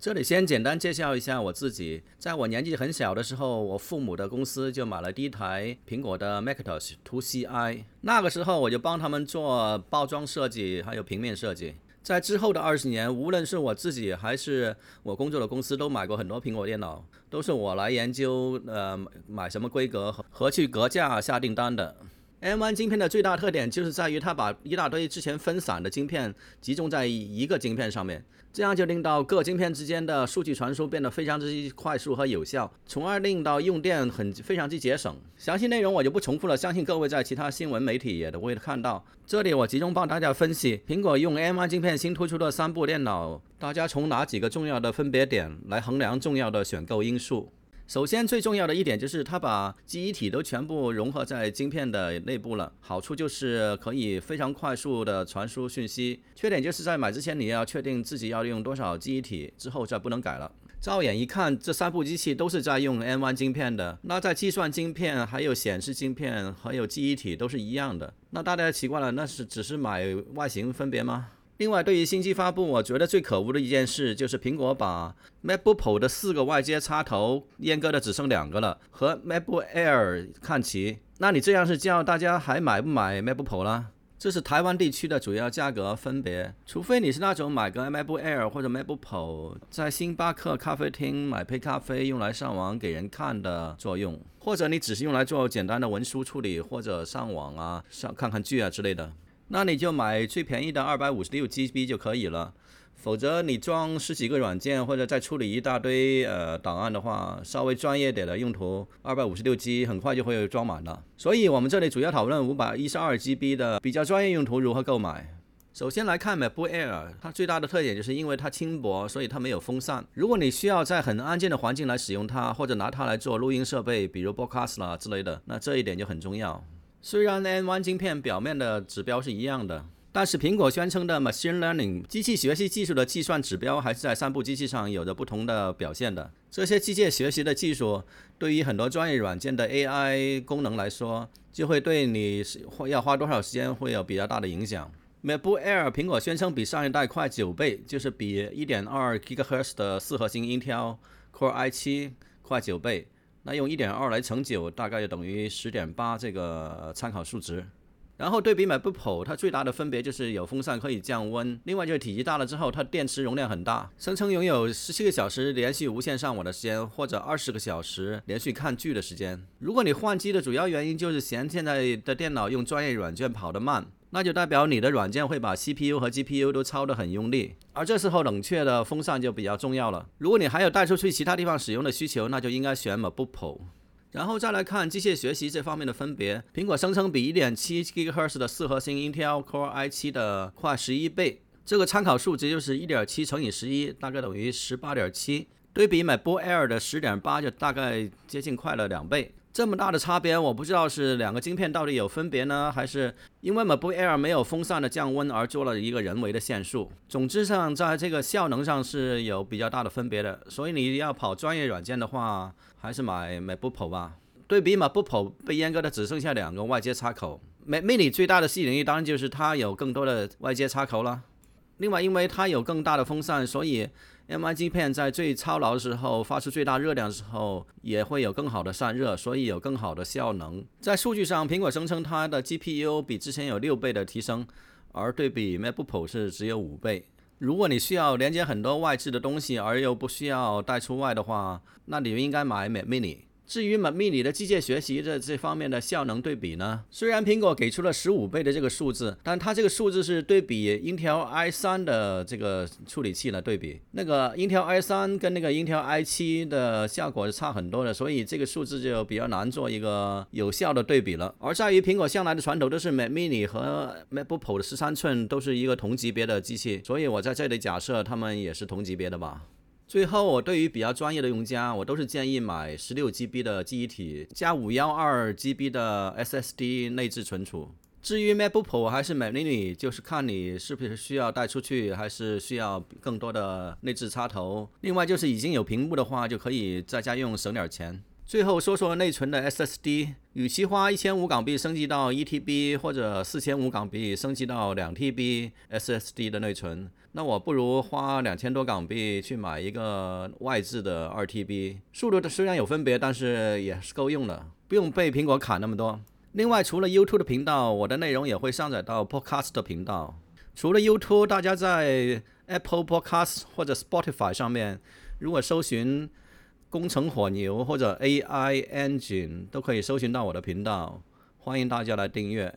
這裡先簡單介紹一下我自己。在我年紀很小的時候，我父母的公司就買了第一台蘋果的 Macintosh IIci，那個時候我就幫他們做包裝設計，還有平面設計。在之後的二十年，無論是我自己還是我工作的公司，都買過很多蘋果電腦，都是我來研究呃買什麼規格和去格價下訂單的。M1 晶片的最大特點就是在於它把一大堆之前分散的晶片集中在一個晶片上面，這樣就令到各晶片之間的數據傳輸變得非常之快速和有效，從而令到用電很非常之節省。詳細內容我就不重複了，相信各位在其他新聞媒體也都會看到。這裡我集中幫大家分析蘋果用 M1 晶片新推出的三部電腦，大家從哪幾個重要的分別點來衡量重要的選購因素？首先，最重要的一點就是它把記憶體都全部融合在晶片的內部了，好處就是可以非常快速的傳輸訊息，缺點就是在買之前你要確定自己要用多少記憶體，之後再不能改了。乍眼一看，這三部機器都是在用 M1 晶片的，那在計算晶片、還有顯示晶片、還有記憶體都是一樣的。那大家奇怪了，那是只是買外形分別嗎？另外，對於新機發布，我覺得最可惡的一件事就是蘋果把 MacBook Pro 的四個外接插頭閹割的只剩兩個了，和 MacBook Air 看齊。那你這樣是叫大家還買不買 MacBook Pro 啦？這是台灣地區的主要價格分別。除非你是那種買個 MacBook Air 或者 MacBook Pro 在星巴克咖啡廳買杯咖啡用來上網給人看的作用，或者你只是用來做簡單的文書處理或者上網啊、上看看劇啊之類的。那你就買最便宜的二百五十六 GB 就可以了，否則你裝十幾個軟件或者再處理一大堆呃檔案的話，稍微專業點的用途，二百五十六 G 很快就會裝滿了。所以，我們這裡主要討論五百一十二 GB 的比較專業用途如何購買。首先來看 MacBook Air，它最大的特點就是因為它輕薄，所以它沒有風扇。如果你需要在很安靜的環境來使用它，或者拿它來做錄音設備，比如 Podcast 啦之類的，那這一點就很重要。雖然 M1 晶片表面的指標是一樣的，但是蘋果宣稱的 machine learning 機器學習技術的計算指標還是在三部機器上有着不同的表現的。這些機器學習的技術對於很多專業軟件的 AI 功能來說，就會對你是，要花多少時間會有比較大的影響。MacBook Air 蘋果宣稱比上一代快九倍，就是比1.2 GHz 的四核心 Intel Core i7 快九倍。那用一點二來乘九，大概就等於十點八這個參考數值。然後對比 MacBook Pro，它最大的分別就是有風扇可以降溫，另外就是體積大了之後，它電池容量很大，聲稱擁有十七個小時連續無線上網的時間，或者二十個小時連續看劇的時間。如果你換機的主要原因就是嫌現在的電腦用專業軟件跑得慢，那就代表你的軟件會把 CPU 和 GPU 都操得很用力，而這時候冷卻的風扇就比較重要了。如果你還有帶出去其他地方使用的需求，那就應該選 MacBook Pro。然後再來看機械學習這方面的分別，蘋果聲稱比1.7 GHz 的四核心 Intel Core i7 的快11倍，這個參考數值就是1.7乘以11，大概等於18.7，對比 MacBook Air 的10.8，就大概接近快了兩倍。這麼大的差別，我不知道是兩個晶片到底有分別呢，還是因為 MacBook Air 沒有風扇的降溫而做了一個人為的限速。總之上，在這個效能上是有比較大的分別的。所以你要跑專業軟件的話，還是買 MacBook Pro 吧。對比 MacBook Pro 被閹割的只剩下兩個外接插口，Mac mini 最大的吸引力當然就是它有更多的外接插口了。另外，因為它有更大的風扇，所以 M1 晶片在最操勞的時候，發出最大熱量的時候，也會有更好的散熱，所以有更好的效能。在數據上，蘋果聲稱它的 GPU 比之前有六倍的提升，而對比 MacBook Pro 是只有五倍。如果你需要連接很多外置的東西，而又不需要帶出外的話，那你就應該買 Mac Mini。至於 Mac mini 的機械學習的這方面的效能對比呢？雖然蘋果給出了十五倍的這個數字，但它這個數字是對比 Intel i3 的這個處理器來對比。那個 Intel i3 跟那個 Intel i7 的效果是差很多的，所以這個數字就比較難做一個有效的對比了。而在於蘋果向來的傳統都是 Mac mini 和 MacBook Pro 的十三寸都是一個同級別的機器，所以我在這裡假設它們也是同級別的吧。最後，我對於比較專業的用家，我都是建議買十六 GB 的記憶體加五幺二 GB 的 SSD 內置存儲。至於 MacBook Pro 還是 Mac mini，就是看你是不是需要帶出去，還是需要更多的內置插頭。另外，就是已經有屏幕的話，就可以在家用省點錢。最後說說內存的 SSD，與其花一千五港幣升級到一 TB 或者四千五港幣升級到兩 TB SSD 的內存，那我不如花兩千多港幣去買一個外置的二 TB，速度的雖然有分別，但是也是夠用了，不用被蘋果砍那麼多。另外，除了 YouTube 的頻道，我的內容也會上載到 Podcast 的頻道。除了 YouTube，大家在 Apple Podcast 或者 Spotify 上面，如果搜尋。工程火牛或者 AI Engine 都可以搜尋到我的頻道，歡迎大家來訂閱。